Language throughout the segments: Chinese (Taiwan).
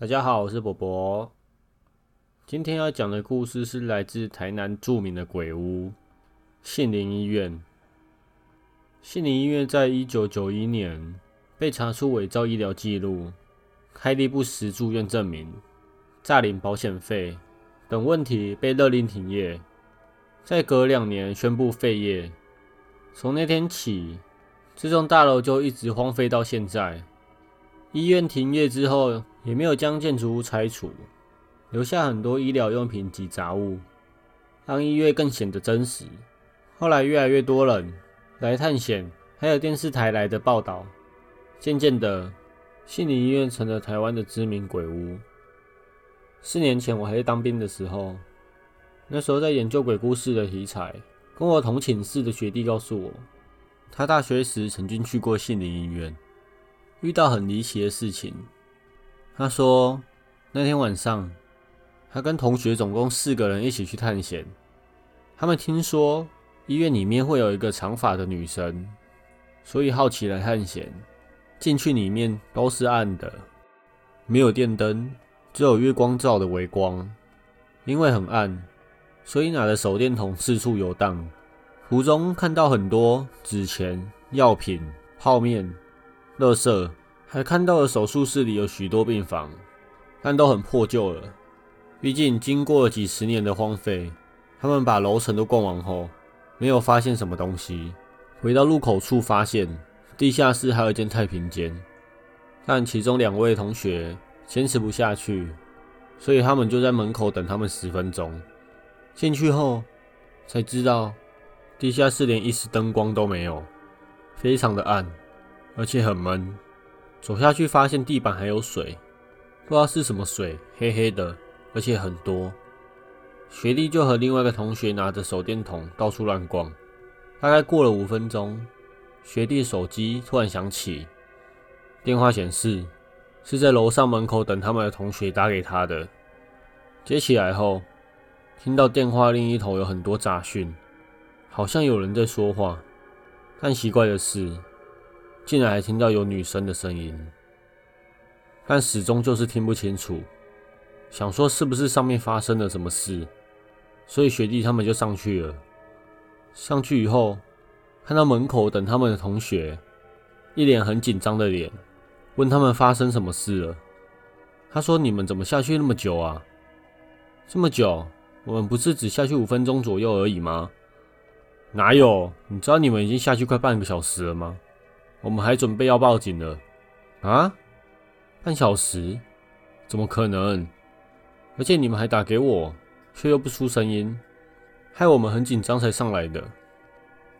大家好，我是伯伯。今天要講的故事是來自台南著名的鬼屋——杏林醫院。杏林醫院在一九九一年被查出偽造醫療記錄、開立不實住院證明、詐領保險費等問題，被勒令停業。再隔兩年，宣布廢業。從那天起，這棟大樓就一直荒廢到現在。醫院停業之後，也沒有將建築物拆除，留下很多醫療用品及雜物，讓醫院更顯得真實。後來，越來越多人來探險，還有電視台來的報道，漸漸的，杏林醫院成了台灣的知名鬼屋。四年前，我還在當兵的時候，那時候在研究鬼故事的題材，跟我同寢室的學弟告訴我，他大學時曾經去過杏林醫院，遇到很離奇的事情。他說，那天晚上，他跟同學總共四個人一起去探險。他們聽說醫院裡面會有一個長髮的女生，所以好奇來探險。進去裡面都是暗的，沒有電燈，只有月光照的微光。因為很暗，所以拿着手電筒四處遊蕩。途中看到很多紙錢、藥品、泡面、垃圾。還看到了手術室裡有許多病房，但都很破舊了。畢竟經過了幾十年的荒廢，他們把樓層都逛完後，沒有發現什麼東西。回到入口處，發現地下室還有一間太平間，但其中兩位同學堅持不下去，所以他們就在門口等他們十分鐘。進去後才知道，地下室連一絲燈光都沒有，非常的暗，而且很悶。走下去，發現地板還有水，不知道是什麼水，黑黑的，而且很多。學弟就和另外一個同學拿着手電筒到處亂逛。大概過了五分鐘，學弟的手機突然響起，電話顯示是在樓上門口等他們的同學打給他的。接起來後，聽到電話另一頭有很多雜訊，好像有人在說話，但奇怪的是，竟然還聽到有女生的聲音，但始終就是聽不清楚。想說是不是上面發生了什麼事，所以學弟他們就上去了。上去以後，看到門口等他們的同學，一臉很緊張的臉，問他們發生什麼事了。他說：“你們怎麼下去那麼久啊？這麼久，我們不是只下去五分鐘左右而已嗎？哪有，你知道你們已經下去快半個小時了嗎？”我們還準備要報警了，啊？半小時？怎麼可能？而且你們還打給我，卻又不出聲音，害我們很緊張才上來的。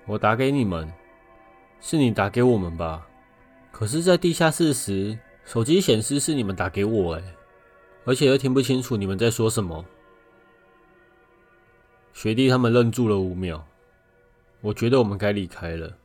我打給你們，是你打給我們吧？可是，在地下室時，手機顯示是你們打給我，欸，哎，而且又聽不清楚你們在說什麼。學弟他們愣住了五秒，我覺得我們該離開了。